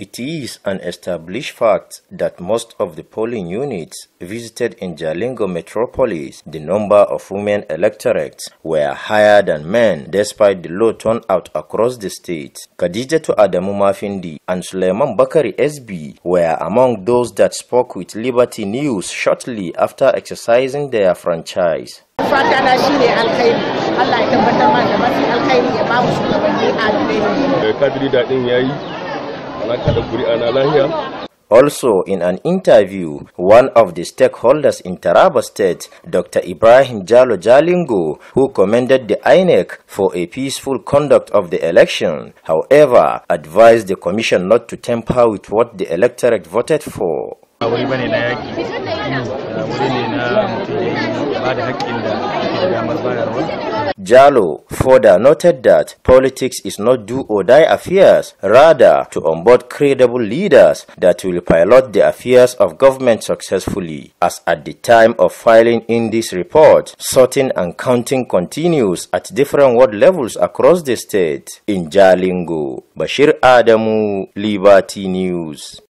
It is an established fact that most of the polling units visited in Jalingo metropolis, the number of women electorates were higher than men despite the low turnout across the state. To Adamu Mafindi and Suleiman Bakari SB were among those that spoke with Liberty News shortly after exercising their franchise. fatana Allah also, in an interview, one of the stakeholders in Taraba State, Dr. Ibrahim Jalo Jalingo, who commended the INEC for a peaceful conduct of the election, however, advised the commission not to tamper with what the electorate voted for. Jalo further noted that politics is not do or die affairs, rather to onboard credible leaders that will pilot the affairs of government successfully. As at the time of filing in this report, sorting and counting continues at different ward levels across the state. In Jalingo, Bashir Adamu, Liberty News.